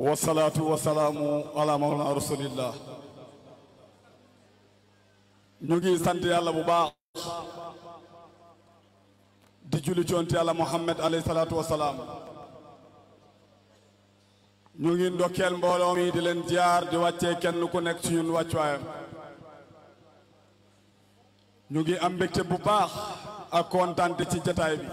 wasalaatu wasalaamu ala mawlana rasulillah ñu ngi sant yàlla bu baax di julli coonte yàlla muhammad alayhi salaatu wasalaam ñu ngi ndokkeel mbooloo mi di leen jaar di wàccee kenn ku nekk ci ñun wàccuwaayam ñu ngi am mbégte bu baax ak kontaan ci jataay bi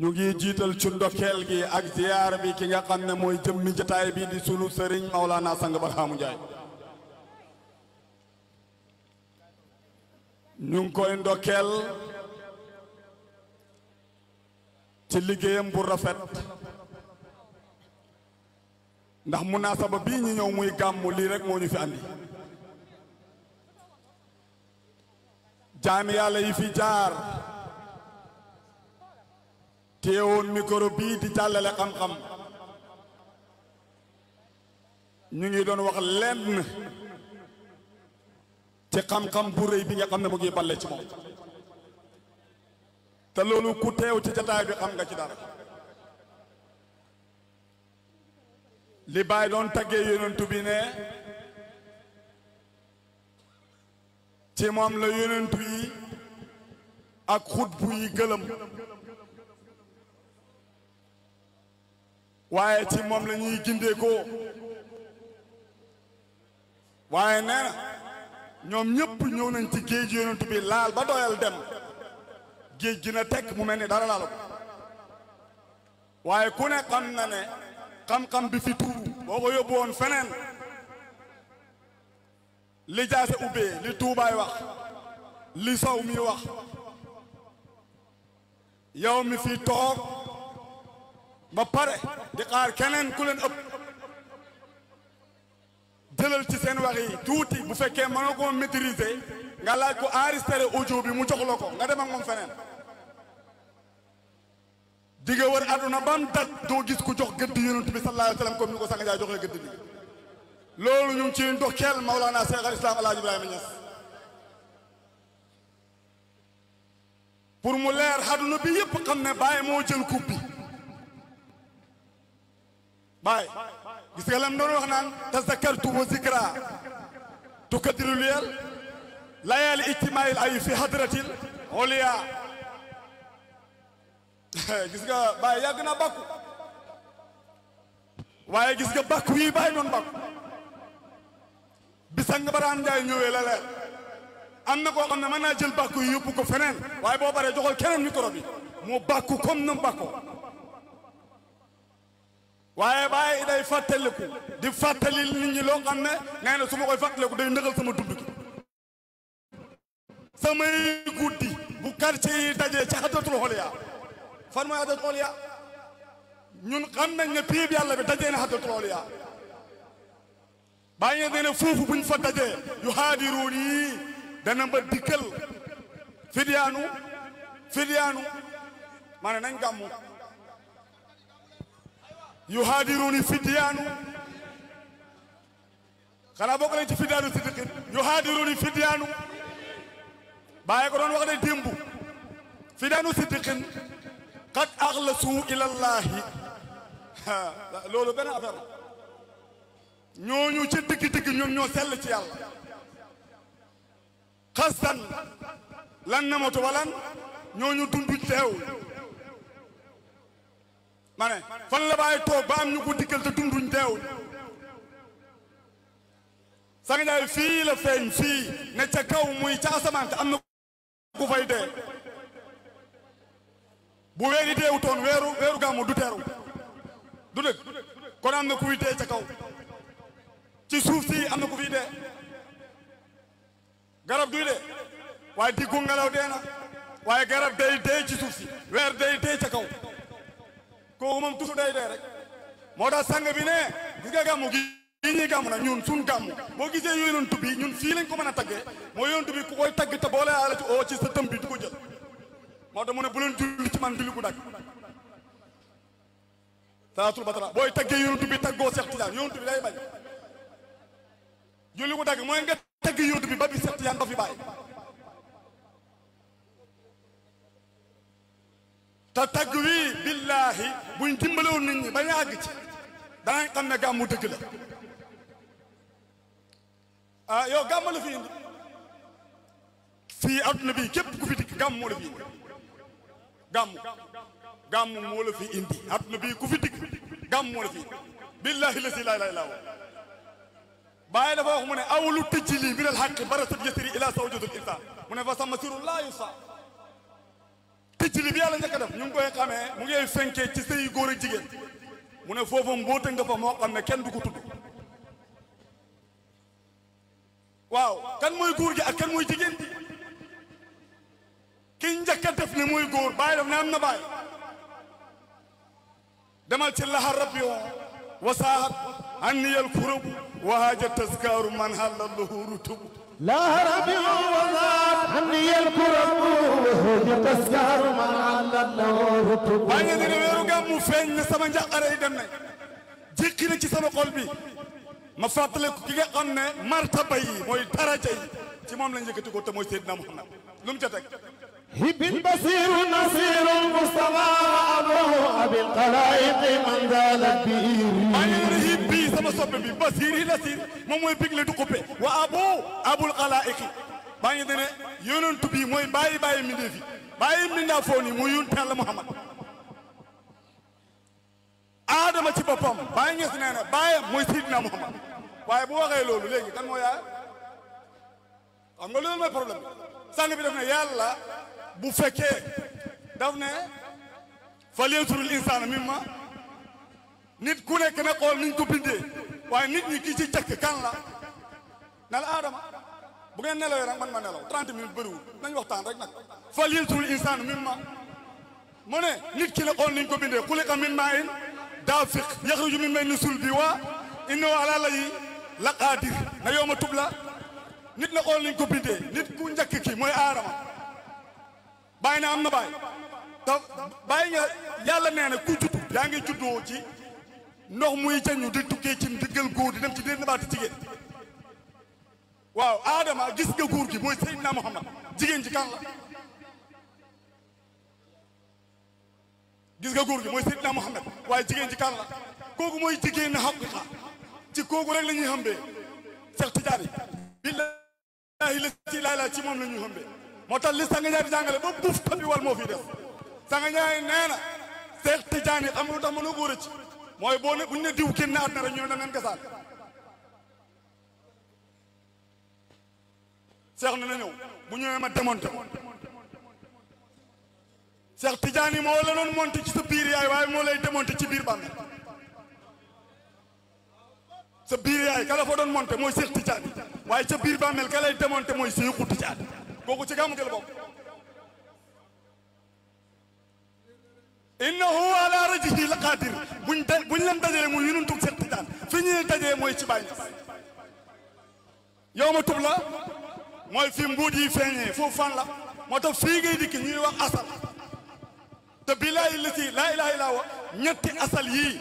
ñu ngi jiital ci ndokkeel gi ak ziyaar bi ki nga xam ne mooy jëmmi jataay bi di sunu sëriñ Maolana Sang Barhaamu Njaay ñu ngi koy ndokkeel ci liggéeyam bu rafet ndax mun munaasaba bii ñu ñëw muy gàmmu lii rek moo ñu fi andi jaami yàlla yi fi jaar téewoon micro bii di jàllale xam-xam ñu ngi doon wax lenn ci xam-xam bu rëy bi nga xam ne mu ngi balle ci moom te loolu ku teew ci jataay bi xam nga ci dara li baay doon taggee yonentu bi ne ci moom la yonentu yi ak xutbu yi gëlëm waaye ci moom la ñuy gindeekoo waaye nee na ñoom ñëpp ñëw nañ ci géej yonent bi laal ba doyal dem géej gi mu mel ni dara laal waaye ku ne xam na ne xam bi fi tuuru boo ko yóbbu feneen li jaase ubbee li tuubaay wax li saw mi wax yow mi fi toog ba pare di xaar keneen ku leen ëpp jëlal ci seen wax yi tuuti bu fekkee mënoo ko maîtriser nga laaj ko enregistré audio bi mu jox ko nga dem ak moom feneen di nga wër àdduna bam dat doo gis ku jox gëdd yonent bi sallallahu alayhi wa sallam comme ni jaay joxee gëdd bi loolu ñu ci ciy ndokkeel Maulana Cheikh al Islam El Hadj Ibrahima Niass pour mu leer àdduna bi yëpp xam ne Baye moo jël coupe baay gis nga lam doon wax naan tazakartu wa zikra tukadiru liyal ay fi hadratil oliya gis nga baay yàgg na bàkku waaye gis nga bàkku yi baay noon bàkku bisang baraan njaay la leer am na koo xam ne man naa jël bàkku yi yóbbu ko feneen waaye boo baree joxol keneen micro bi mu bàkku comme nam bàkkoo waaye bàyyi day fàttaliku di fàttali nit ñi loo xam ne ngay ne su ma koy fàttaliku day nëgal sama dund gi samay guddi bu quartier yi dajee ci xadatul xoliya fan mooy xadatul xoliya ñun xam nañ ne piib yàlla bi dajee na xadatul xoliya bàyyi ne ne foofu buñ fa dajee yu xaadiroon yi dana ma dikkal fidiyaanu fidiyaanu ma nañ gàmmu يهادرني فديان xanaa bokk nañ ci fidaanu sidiqin yuhaadiruni fidaanu bàyyi ko doon wax ne démb fidaanu sidiqin qad axlasu ila llahi loolu benn affaire la ñooñu ci digg-digg ñoom ñoo sell ci yàlla xastan lan namatu walan ñooñu dund teew ma ne fan la toog ba am ñu ko dikkal te tunduñ teew sang Njaay fii la feeñ fii ne ca kaw muy ca asamaan te am na ku fay dee bu weeri deewu toon weeru weeru gàmmu du teeru du dëgg kon am na kuy dee ca kaw ci suuf si am na ku fiy dee garab duy dee waaye diggu ngelaw dee na waaye garab day dee ci suuf si weer day dee ca kaw kooku moom toujours day dee moo tax sang bi ne gis nga gàmmu gi yi ñuy gàmmu nag ñun suñ gàmmu boo gisee yooyu noonu tubbi ñun fii lañ ko mën a taggee mooy yoon tubbi ku koy tagg te boole ala oo ci sa tëm bi du ko jël moo tax mu ne bu leen julli ci man julli ku nag salaatul batara booy taggee yonent bi taggoo Seex Tijaan yonent bi lay bañ julli ku dagg mooy nge tagg yonent bi ba bi Seex Tijaan ba fi bàyyi تتقوي بالله بوين دمبلو نيني با ياغتي دا ناي خامنا گامو دگ لا اه يو گامو لو في في عبد النبي كيب كو في دگ گامو لو في گامو گامو مول في اندي عبد النبي كو في دگ گامو لو في بالله لا اله الا الله باي دا فو خمو ني اولو تجلي من الحق برت يسري الى سوجود الانسان من فسم سر الله يصاب picc li bi yàlla njëkk a def ñu ngi koy xamee mu ngi fenkee ci sëy góor ak jigéen mu ne foofu mbóota nga fa moo xam ne kenn du ko tudd waaw kan mooy góor gi ak kan mooy jigéen gi ki njëkk a def ne mooy góor bàyyi daf ne am na bàyyi demal ci laxar rab yo wasaahat anniyal kurubu wahaaja taskaaru man hallal lahu rutubu لا ربي وزاد عني الكرم وهدي تسكر من على النور باغي دير ويرو غام مو فاغن سما نجاخاري دم ناي جيكي نا سي سما خول بي ما فاتلك كيغا خامني مرتبه يي موي درجه يي ci moom lañ yëkkati ko te mooy Seydina Muhammad lu mu ca teg hibbin basiru nasiru mustafa abu abil qalaiqi man dalat bihi sama soppe bi basiir yi lasiir moom mooy bigle du xuppe wa abu abul xalaa'iqi baa ngi dene yonent bi mooy bàyyi bàyyi mi ndeefi bàyyi mi ndaa foon yi mu yonent Yàlla Muhammad aadama ci boppam bàyyi ngees nee na bàyyam mooy Seydina Muhammad waaye bu waxee loolu léegi kan moo yaayam nga loolu mooy problème bi sàng bi daf ne yàlla bu fekkee daf ne fa liyansuru l insaana mimma nit ku nekk na xool niñ ko bindee waaye nit ñi ki ci jëkk kan la ne la aadama bu ngeen nelawee rek man ma nelaw 30 minutes bëriwul nañ waxtaan rek nag fal yaltul insaan min ma mu nit ki na xool niñ ko bindee xuliqa min maa in daafiq yaxruju min may ni sul bi waa innahu ala layi la qaadir na yowma tubla nit na xool niñ ko bindee nit ku njëkk ki mooy aadama bàyyi na am na bàyyi te bàyyi nga yàlla nee ku judd yaa ngi juddoo ci ndox muy jañu di tukkee ci diggal góor di dem ci déedéet baati jigéen waaw Adama gis nga góor gi mooy Seydina Muhammad jigéen ji kan la gis nga góor gi mooy Seydina Muhammad waaye jigéen ji kan la kooku mooy jigéen xaqiqa ci kooku rek la ñuy xambee Cheikh Tidiane billaahi ci laa ci moom na ñuy xambee moo tax li Sanga Ñaay di jàngale ba buuf tabi wal moo def Sanga Ñaay nee na Cheikh Tidiane xam nga lu tax mënoo ko mooy boo ne bu ñu ne diw kenn na àdduna rek ñu ne nañ gasaal seex na na ñëw bu ñëwee ma démonté seex Tijaani moo la doon monté ci sa biir yaay waaye moo lay démonté ci biir bàmmeel sa biir yaay ka la fa doon monté mooy seex Tijaani waaye sa biir bàmmeel ka lay démonté mooy seexu Tijaani kooku ci gàmmu kel la إنه هو على رجله القادر ولم تدعموا ينون تكسر تدان فين تدعموا يتبعين يوم تبلا ما في مبودي فيني فو فان لا ما تفيجي ديك نيوا أصل تبلا التي لا إله إلا هو نتي أصل يي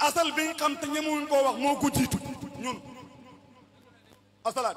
أصل بين كم تنيمون كوا مو كتير نون أصلات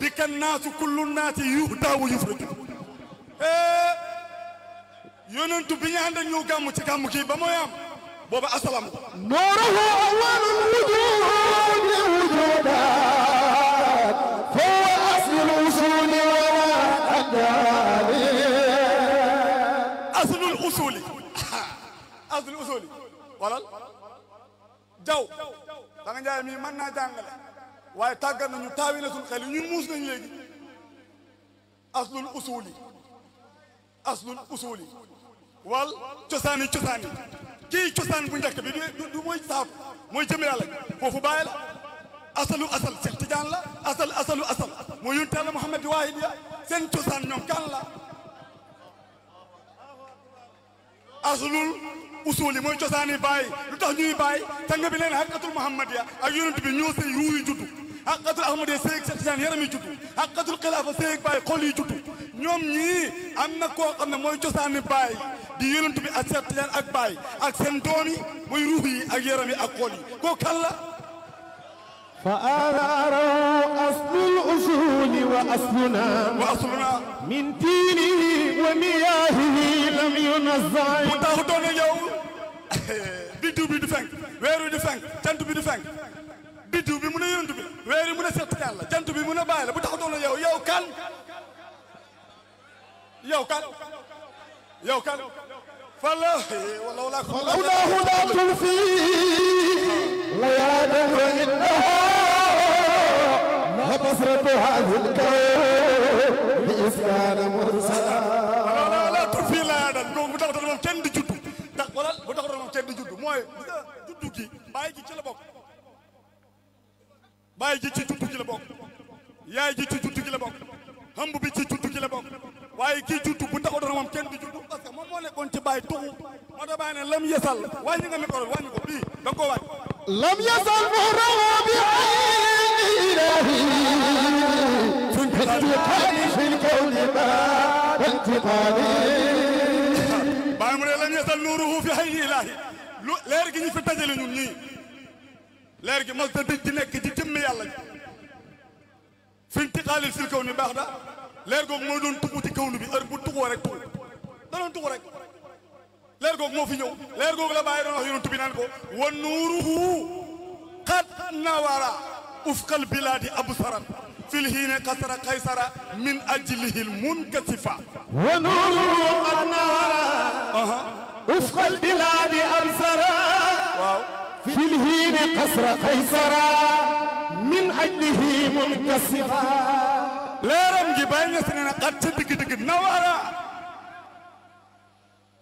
بك الناس كل الناس يهدى ويفرد yonent bi ñu ànd ak ñu gàmm ci gàmm kii ba mooy am booba asalaam nooruhu awwalul wujuudi wujuudaat fa huwa aslul usuli wa maa addaali aslul usuli aslul usuli walal jaw da nga jaay mi mën naa jàngale waye tagal nañu taawinatul xel yi ñun muus nañ legi aslul usuli aslul usuli wal ciosani ciosani ki cosaan bu njëkk bi du moy mooy moy jëm yàlla fofu baye la aslu asal Cheikh Tidiane la asal asalu asal mooy yonent Yàlla Muhammad wahid ya sen cosaan ñom kan la aslul usuul yi mooy cosaani baay lu tax ñuy baay tàng bi leen xaqatul muhammadiya ak yonent bi ñoo seen yu juddu xaqatul ahmadiya seeg satiaan yaram juddu xaqatul xilaafa seeg baay xol na koo xam ne mooy cosaani baay bi ak satiaan ak baay ak seen doom yi mooy ruux yi ak yaram yi ak xol yi koo kan la فأراروا أصل الأصول وأصلنا وأصلنا من دينه ومياهه لم ينزع متاهدون يوم biddiw bi du fenk weeru du fenk jant bi du fenk biddiw bi mu ne yonent bi weer yi mu ne seetkat la jant bi mu ne bàyyi la bu taxatoon la yow yow kan yow kan yow kan fala eh, wala wallahu la tulfi layadan wa innaha la basratu hadhihi al-kawn bi iskan mursala taxul kenn di judd mooy judd gi bàyyi ji ci la bokk bàyyi ji ci judd gi la ci judd gi la bokk xamb bi ci judd gi la bokk waaye kii judd bu taxul doon moom kenn di judd parce que moom moo nekkoon ci bàyyi tuxu moo tax bàyyi ne lam yesal wàññi nga da nga koo wàññi lam yesal mu rawa bi ilahi fi الحسن كان في الكون ما وانتقامي يزال نوره في حي الله لارجي ني فتاجل نون ني لارجي ما تدج نيك دي تيم يالله في انتقال الكون بعدا لارجو مو دون توبتي كون بي ار بو تو رك تو دا دون تو رك لارجو مو في نيو لارجو لا باير نوح يونت بي نانكو ونوره قد نوارا افق البلاد ابصرا في الهين قصر قيصر من اجله المنكتفه ونوره قد نوارا وفق البلاد أبصرا في الهين قصر قيصرا من أجله منتصرا لا رم بين سنين قد تدق دق نوارا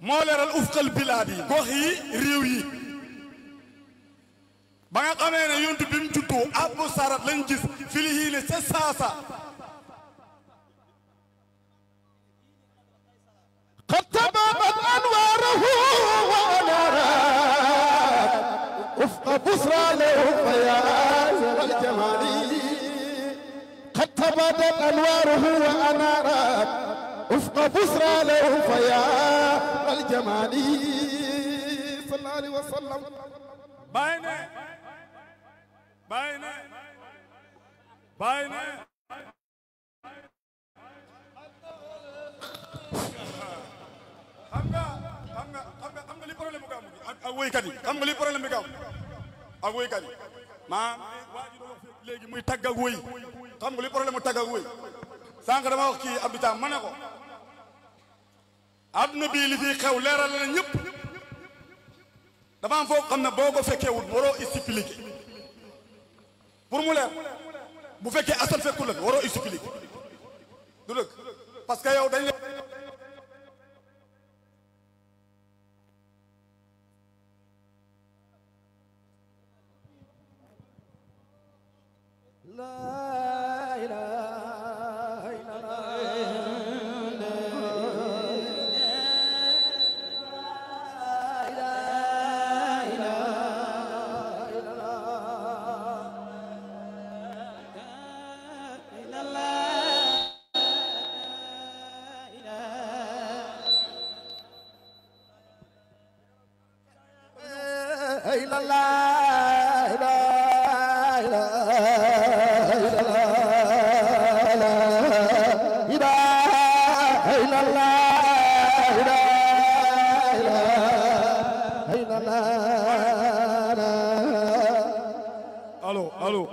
مولر الأفق البلادي غوخي ريوي بقى قمينا يونت بمتوتو أبو سارت لنجس في الهين سساسا وبصرى له فياز والجمال قد تبدت انواره وانارت افق بصرى له فياز والجمال صلى الله عليه وسلم باينه باينه باينه xam nga xam nga xam nga li problème bi nga am ak wéykat yi xam nga li problème bi nga am ak wéykat yi maa waa ji muy tagg ak wéy xam nga li problème mu tagg ak wéy sànq dama wax kii Abdou Thiam ma ne ko adduna bii li fi xew leeral na ñëpp dafa am foo xam ne boo ko fekkee wut waroo expliquer mu leer mu fekkee asal fekkul la waroo expliquer du dëgg parce que yow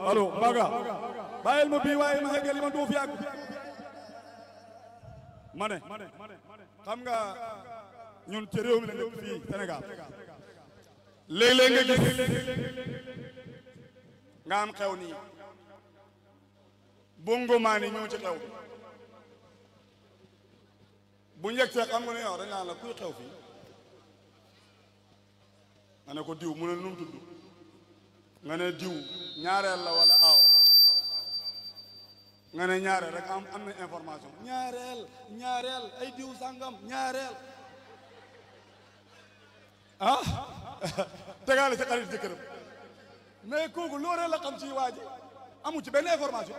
allo Mbaga bàyyil ma bii waaye ma xëggal ma duuf yàgg ma ne xam nga ñun ci réew mi la nekk fii Sénégal léeg-léeg nga gis nga nii bongo maa ni ñëw ci xew bu njëkk see xam nga ne yow dañ la kuy xew fii ma ko diw mu ne nu nga ne diw ñaareel la wala aaw nga ne ñaareel rek am am na information ñaareel ñaareel ay diw sàngam ñaareel ah tegaale ci xarit jëkkëram mais kooku looree la xam ci waa ji amu ci benn information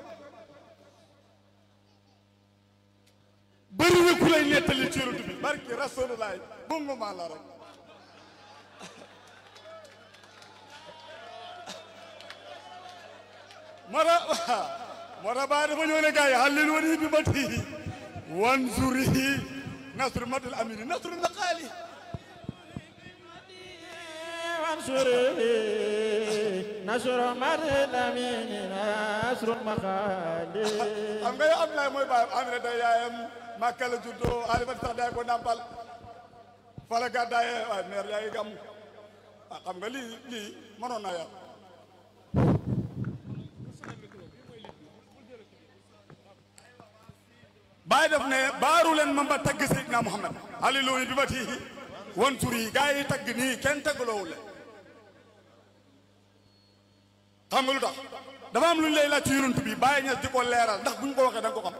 bëri na ku lay nettali ci yonent bi barki rasulullah bungu maa la rek مرا مرا بعد ما يقول لك هللوني بمدحه وانظره نصر مد الأمير نصر النقالي وانصره نصر مد الأمير نصر المخالي أم غير أم لا موي باب أمير دايم ما كلا جدو أنا بس دايم ونامبال فلا قاعد دايم مير يا يقام أم غلي لي منو نايم baay def ne baaru leen ma ba tagg Seydina Muhammad haliluuyu bi batihi wan tur yi gaa yi tagg nii kenn taggloowu leen xam nga lu tax dafa lu ñu lay laaj ci yonent bi ñas di ko leeral ndax bu ñu ko waxee da nga ko xam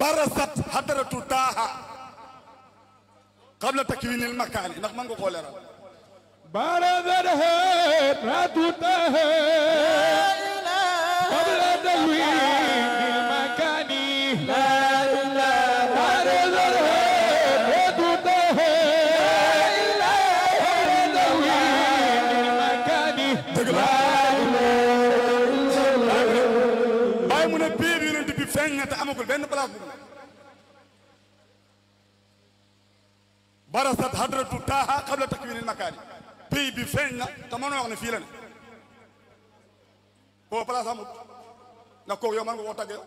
barasat hadaratu taaha qabla takwinil makaani ndax mën nga koo leeral barasat hadaratu taaha benn place bu mu barasat hadratu taaha qabla takwinil makaani pays bi feeñ na te mënoo wax ne fii la ne booba place amut ndax kooku yow mën nga koo tàggee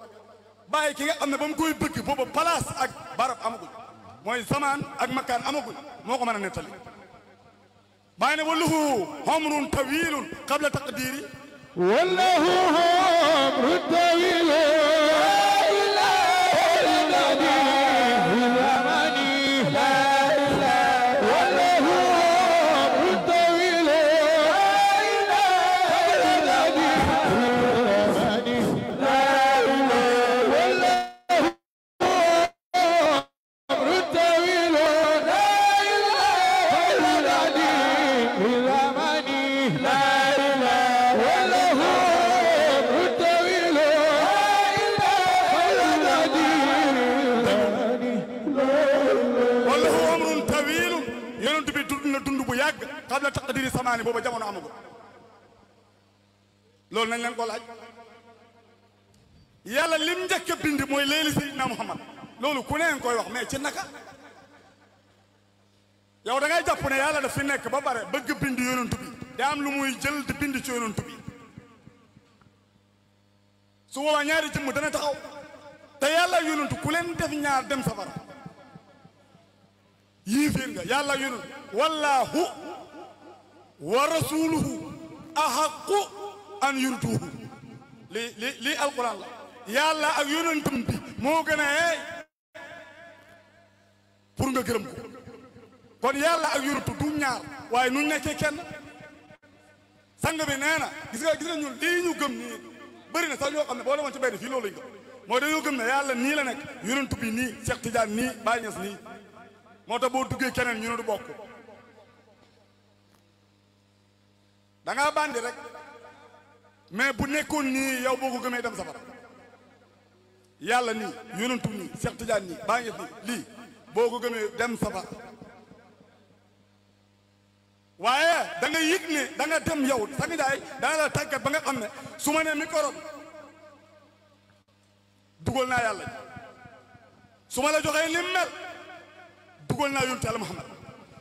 bàyyi ki nga xam ne ba mu koy bëgg booba place ak barab amagul mooy zamaan ak makaan amagul moo ko mën a nettali bàyyi ne wallahu homrun tawilun qabla taqdiri wallahu homrun tawilun jël di bind ci yonent bi su boobaa ñaari jëmm dana taxaw te yàlla yonent ku leen def ñaar dem safara yii fiir nga yàlla yonent wallaahu wa rasuluhu ahaqu an yurduhu li li lii alquran la yàlla ak yonentam bi moo gën a eey pour nga gërëm ko kon yàlla ak yonentu du ñaar waaye nu nekkee kenn sang bi nee na gis nga gis nga ñun lii ñu gëm nii bëri na sax ñoo xam ne boo demoon ci benn fii loolu lañ gëm mooy dañoo gëm yàlla nii la nekk yonent bi nii Cheikh Tidiane nii Baye Niass nii moo tax boo duggee keneen ñu ne du bokk bandi rek mais bu nekkoon nii yow boo ko gëmee dem safara yàlla nii yonent bi nii Cheikh Tidiane nii Baye Niass nii lii boo ko gëmee dem safara waaye da nga yëg ne da dem yow Sani Ndiaye dana la tàggat ba nga xam ne su ma nee micro dugal naa yàlla su la joxee ni mel dugal naa yonent Yàlla Muhammad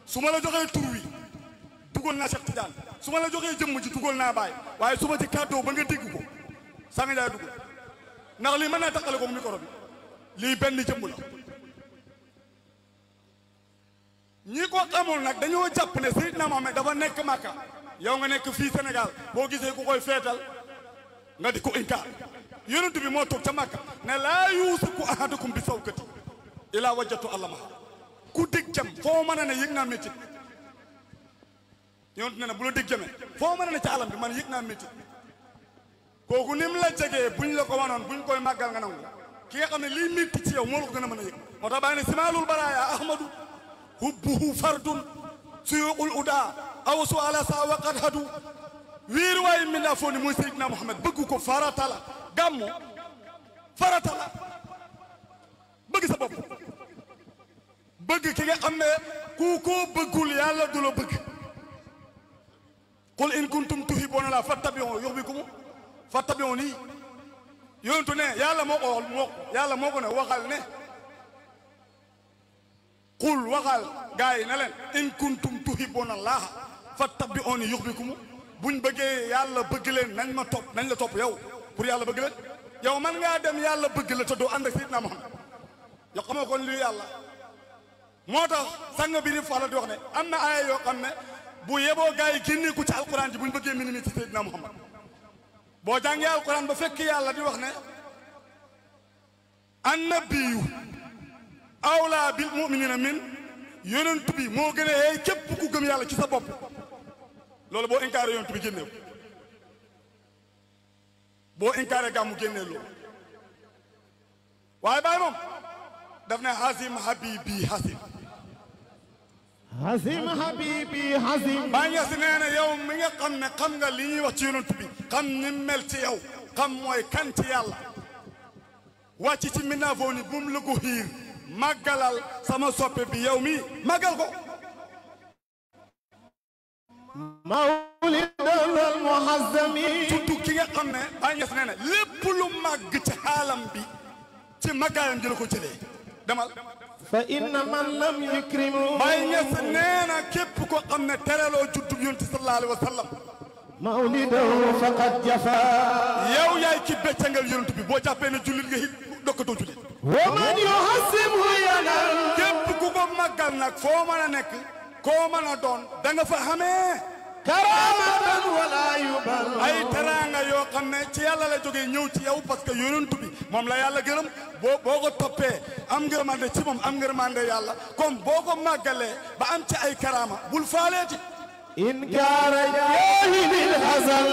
su ma la joxee tur wi dugal naa Cheikh Tidiane su ma la joxee jëmm ji dugal naa Baye waaye su ma ci kàddoo ba nga dégg ko Sani Ndiaye dugal lii mën naa taqale ko micro bi lii benn jëmm la. ñi ko amul nag dañoo jàpp ne Seydina Mohamed dafa nekk Makka yow nga nekk fii senegal boo gisee ku koy feetal nga di ko inkaar yonent bi moo toog ca Makka ne laa yuusiku ahadukum bi sawkati ilaa wajjatu allama ku dégg jam foo ma ne yëg naa métti yonent ne ne bu la dégg jamee foo mën a ne ca alam bi man yëg naa métti kooku ni mu la jegee buñ la ko wanoon buñ koy màggal nga nangu ki nga lii métti ci yow moo la ko gën a mën a moo tax bàyyi ne simaalul baraaya ahmadu حبه فرد سيوق الأداء أو سؤال سا وقد هدو وير من أفون موسى سيدنا محمد بقوكو فرطلا قامو فرطلا بقى سبب بقى كي أمي كوكو بقول يا الله دولو بقى قل إن كنتم تحبون الله فاتبعوا يغبكم فاتبعوني يونتو نه يالا موكو يالا موكو نه وقال نه قل وقال غاي نالن ان كنتم تحبون الله فتبعون يحبكم بون بغي يالا بغي لن نان ما توب نان لا توب ياو بور يالا بغي لن ياو مان غا دم يالا بغي لا تدو اند سيدنا محمد يا خما كون لي يالا موتاخ سانغ بيني فالا دي وخني امنا اي يو خامني بو يبو غاي جيني كو تي القران دي بون بغي ميني تي سيدنا محمد بو جانغي القران با فك يالا دي وخني النبي awlaa bil muminina min yonent bi moo gën a xëy képp ku gëm yàlla ci sa bopp loolu boo incaré yonent bi génneeku boo incaré gàmmu génnee loolu waaye bàyyi moom daf ne xasim habibi xasim baa nges nee na yow mi nga xam ne xam nga li ñuy wax ci yonent bi xam ni ci yow xam mooy kan yàlla wàcc ci minaa foo ni bu mu la màggalal sama soppe bi yow mi màggal ko mawlidal muhazzami tuddu ki nga xam ne Baay Ñas nee na lu màgg ci xaalam bi ci màggaayam ji la ko jëlee demal fa inna man lam yukrimu Baay Ñas nee na képp ko xam ne tereloo juddub yonent sallallahu alayhi wa sallam mawlidahu faqad jafa yow yaay ki beccangal yonent bi boo jàppee ne jullit nga hit dokkatoo jullit. wa man yuhassimhu yanal. képp ku ko màggal nag foo mën a nekk koo mën a doon da nga fa xamee. karaamatan wala yubal. ay teraanga yoo xam ne ci yàlla la jógee ñëw ci yow parce que yonent bi moom la yàlla gërëm boo boo am ngërmande ci moom am ngërmande yàlla kon boo ko màggalee ba am ci ay karaama bul faaleeti. in kaana jaahilil hasal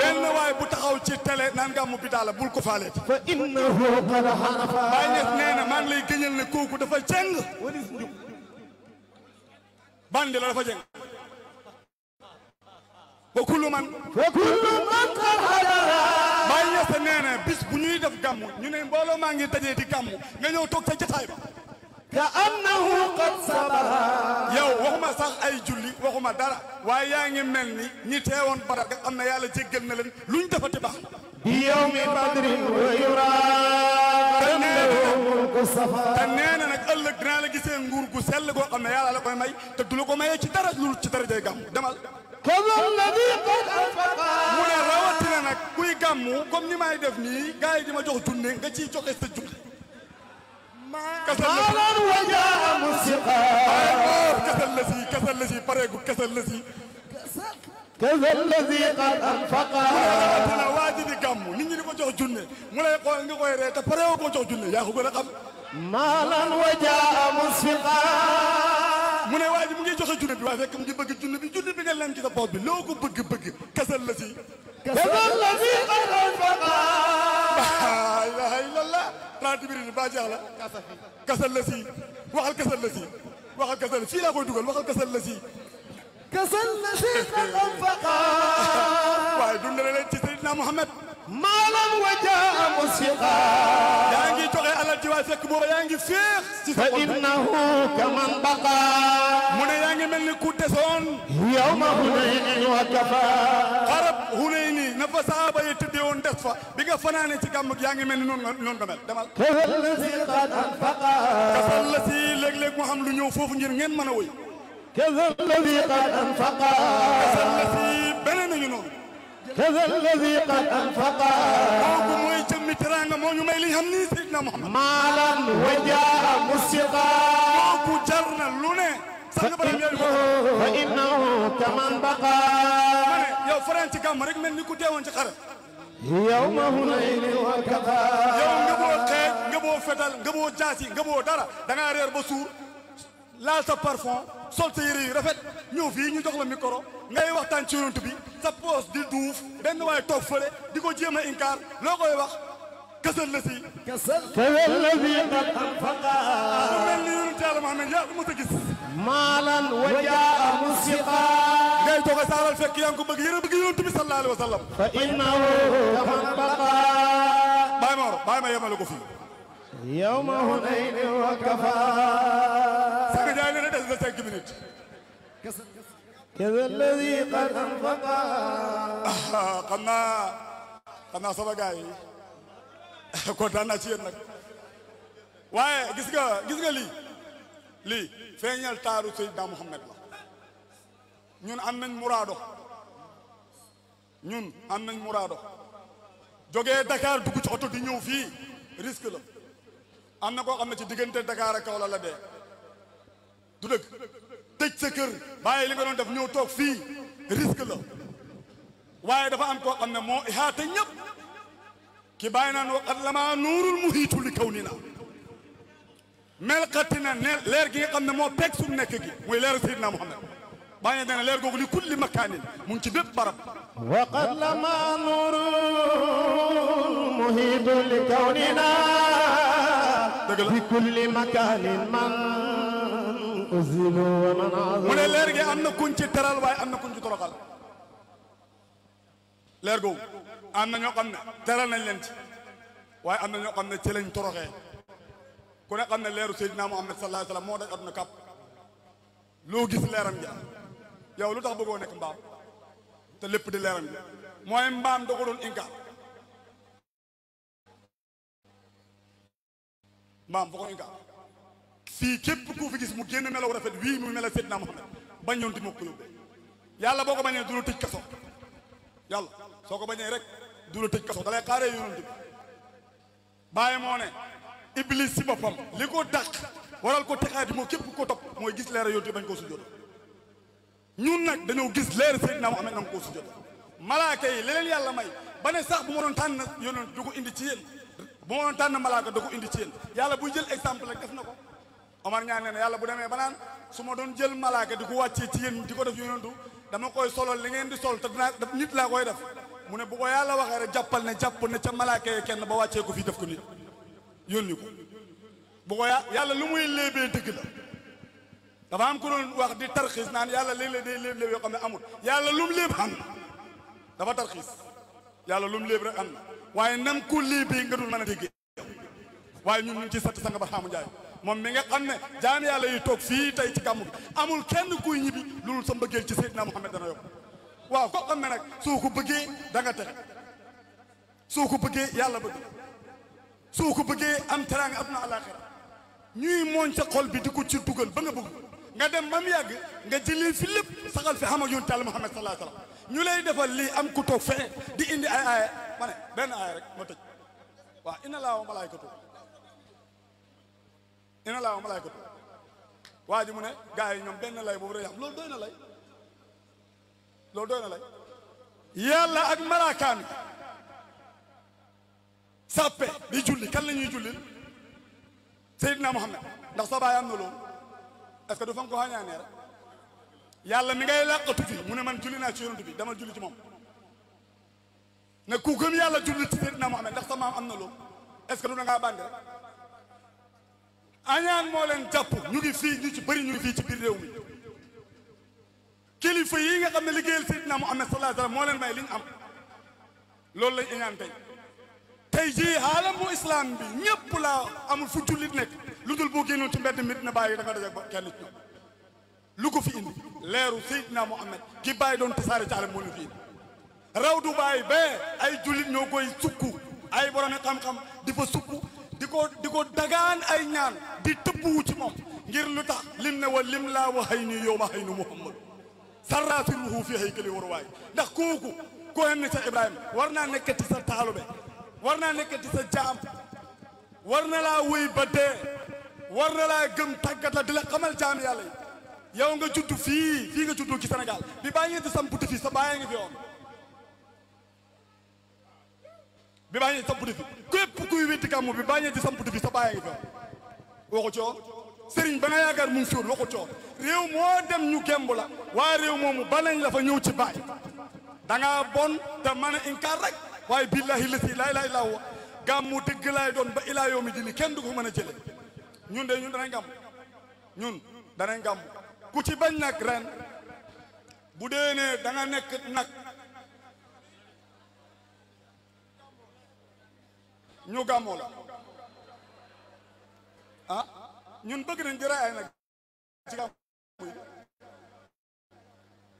benn waay bu taxaw ci télé naan gàmmu bi daala bul ko faaleet fa innahu qad xanafa Baay Ñas nee maa ngi lay gëñal ne kooku dafa jeng walis njub bandi la dafa jeng wa kullu man Baay Ñas nee na bis bu ñuy def gàmmu ñu ne mbooloo maa ngi dajee di gàmmu nga ñëw toog sa jotaay ba كأنه قد صبر yow waxuma sax ay julli waxuma dara waaye yaa ngi mel ni ñi teewoon barab nga xam ne yàlla jéggal na leen luñ defati baax bi yawmi badrin wa yuraa mulku nee na nag ëllëg dinaa la gisee nguur gu sell goo xam ne yàlla la koy may te du la ko mayee ci dara lu ci dara jay gàmm demal mu ne rawatina nag kuy gàmmu comme ni maay def nii gars yi di ma jox junne nga ciy joxe sa junne maalan wajaa musiqa kasal la si kasal la si pareegu kasal la si kasal la si qad anfaqa dina waaji di gàmm nit ñi di ko jox junne mu lay xool nga koy ree te pareewoo koo jox junne yaa ko gën a xam maalan wajaa musiqa mu ne waaji mu ngi joxe junne bi waaye fekk mu ngi bëgg junne bi junne bi nga leen ci sa bopp bi loo ko bëgg bëgg kasal la si kasal la si qad anfaqa 30 minutes ba jeex la kasal la si waxal kasal la si waxal kasal la si fii laa koy dugal waxal kasal la si kasal la si am faqa waaye dundale leen ci Seydina Mouhamed maalam wajaa musiqa la fekk booba yaa ngi féex. ci sa xol innahu baqa. mu ne yaa ngi mel ni ku desoon. yawma hunaynin wa kafa. xarab hunayni na fa saaba yi tëddee woon des fa bi nga fanaane ci gàmm yaa ngi mel ni noonu nga noonu nga mel demal. kasal la si qad anfaqa. mu xam lu ñëw foofu ngir ngeen mën a woy. kasal la si qad anfaqa. kasal la كذا الذي قد أنفقا kooku mooy jëmmi teraanga moo ñu may li xam ni Seydina Muhammad maalan wajaa musiqa kooku jar na lu ne fa innahu kaman baqa yow faran ci gàmm rek mel ni ku teewoon ci xar yow ma hunayni wal kafa yow nga boo xeej nga boo fetal nga boo jaasi nga boo dara da ngaa reer suur laal sa parfum sol sa yére yu rafet ñëw fii ñu jox la micro ngay waxtaan ci yonent bi sa poos di duuf benn waaye toog fële di ko jéem a inkaar loo koy wax kësal la si. kësal la si qad anfaqa. lu mel ni yonent yàlla Muhammad yaa ko mës a gis. maalan wajaa musiqa. ngay toog a saalal fekk yaa ngi ko bëgg yéen a bëgg yonent bi sallallahu alayhi wa sallam. fa innahu qad anfaqa. bàyyi ma war bàyyi ma yemale ko fii. yawma hunaynin wa kafaa. de cinq minutes. Ah, xam naa xam naa sama gars yi kontaan naa ci yéen nag waaye gis nga gis nga lii lii feeñal taaru Seydina Muhammad la ñun am nañ muraado ñun am nañ muraado jógee Dakar dugg ci oto di ñëw fii risque la am na koo xam ne ci diggante Dakar ak Kaolack la dee du dëgg tëj sa kër bàyyi li nga doon def ñëw toog fii risque la waaye dafa am koo xam ne moo ihaata ñëpp ki bàyyi naan waqat lama nuurul muhiitu li kaw ni na melxatti na ne leer gi nga xam ne moo peeg suñu nekk gi muy leer Seydina Muhammad bàyyi na ne leer googu li kulli makaanin mu ngi ci bépp barab waqat lama nuurul muhiitu li kaw ni na fi kulli makaanin man mu ne leer gi am na kuñ ci waaye am na kuñ ci toroxal leer googu am na ñoo xam ne teral nañ leen ci waaye am na ñoo xam ne ci lañ toroxee ku ne xam ne leeru Seydina Muhammad sallallahu alayhi wasallam moo daj àdduna kàpp loo gis leeram gi yow lu tax bëggoo nekk mbaam te lépp di leeram gi mooy mbaam da ko mbaam da ko fii képp ku fi gis mu génn melaw rafet wii mu mela Seydina Muhammad bañoon di ma ko yàlla boo ko bañee du la tëj kaso yàlla soo ko bañee rek du la tëj kaso dalay xaaree yonent bi bàyyi moo ne iblis si boppam li ko dàq waral ko texaati moo képp ko topp mooy gis leer yonent bi bañ koo sujjóot ñun nag dañoo gis leer Seydina Muhammad nanga koo sujjóot malaaka yi leneen yàlla may ba ne sax bu ma doon tànn yonent ko indi ci yéen bu ma doon tànn malaaka da ko indi ci yéen yàlla buy jël example rek def na ko Omar ñaan nee na yàlla bu demee ba naan su ma doon jël malaake di ko wàccee ci yéen di ko def yonentu dama koy solol li ngeen di sol te dinaa nit laa koy def mu ne bu ko yàlla waxee rek jàppal ne jàpp ne ca malaaka kenn ba wàccee ko fii def ko nit yónni ko bu ko yàlla lu muy léebee dëgg la dafa am ku doon wax di tarxiis naan yàlla léeg-léeg day léeb léeb yoo xam ne amul yàlla lum léeb am na dafa tarxiis yàlla lum léeb rek am na waaye nam ko léebee nga dul mën a dégg waaye ñun ñu ci satt sanga ba xaamu njaay moom mi nga xam ne jaam yàlla yi toog fii tey ci gàmmu amul kenn kuy ñibbi loolu sa mbëggeel ci Seydina Muhammad dana yokk waaw ko xam ne nag soo ko bëggee danga nga texe soo ko bëggee yàlla bëgg soo ko bëggee am teraanga aduna àllaaxira ñuy mooñ sa xol bi di ko ci dugal ba nga bëgg nga dem mam yàgg nga jëlee fi lépp saxal fi xam ak yonent Yàlla Muhammad sallallahu alayhi ñu lay defal lii am ku toog fee di indi ay aaya ma benn aaya rek ma tëj waaw inna laa ina laa wa malaykatu waa ji mu ne gars yi ñoom benn lay boobu rek yàq loolu doy na lay loolu doy na lay yàlla ak malaakaam yi di julli kan la ñuy jullil Seydina Muhammad ndax sa baay am na loolu est que du fa nga ko xañaanee rek yàlla mi ngay làqatu fi mu ne man julli naa ci yonent bi dama julli ci moom ne ku gëm yàlla julli ci Seydina Muhammad ndax sa am na loolu est-ce que du da ngaa bànde añaan moo leen jàpp ñu ngi fii ñu ci bëri ñu ngi ci biir réew mi kilifa yii nga xam ne liggéeyal Seydina Muhammad moo leen may li am loolu lañ añaan tey tey jii xaalam bu islam bi ñëpp laa amul fu jullit nekk lu dul boo génnoon ci mbedd mit na bàyyi da nga dajak kenn ci ñoom lu ko fi indi leeru Seydina Muhammad gi bàyyi doon tasaare ci alam moo ñu fi indi raw du bàyyi bee ay jullit ñoo koy sukku ay borom xam-xam di fa sukku di ko di ko dagaan ay ñaan di tëbbuwu ci moom ngir lu tax lim ne wa lim laa wa xëy nii yow ma xëy nu muhammad sarrafiruhu fi haykali waruwaay ndax kooku koo xam ne sa ibrahima war naa nekk ci sa taalube war naa nekk ci sa jaam war na laa wéy ba dee war na laa gëm tàggat di la xamal jaam yàlla yow nga judd fii fii nga juddu ci senegal bi bàyyi di samp fii sa bàyyi nga fi woon bi baa ñee samp di fi képp kuy wétti gàmmu bi baa ñee di fi sa bàyyi fa waxu coo sëriñ ba nga yaakaar mu ngi fi woon moo dem ñu gemb la waaye réew moomu ba nañ la fa ñëw ci baay da ngaa bon te mën a inkaar rek waaye billahi la si laay laay laa wa gàmmu dëgg laay doon ba ilaa yow mi dini kenn du ko mën a jële ñun de ñun danañ gàmm ñun danañ gàmm ku ci bañ nag ren bu dee ne da nga nekk nag ñu gàmmoo la ah ñun bëgg nañ jëre ay nag ci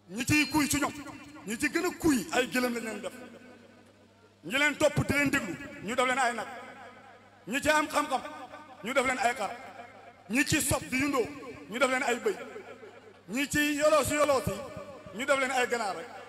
ñi ciy kuy ci ñoom ñi ci gën a kuy ay gëlëm lañ leen def ñi leen topp di leen ñu def leen ay nag ñi ci am xam-xam ñu def leen ay xar ñi ci sob di yundoo ñu def leen ay bëy ñi ci yoloosi yoloosi ñu def leen ay ganaar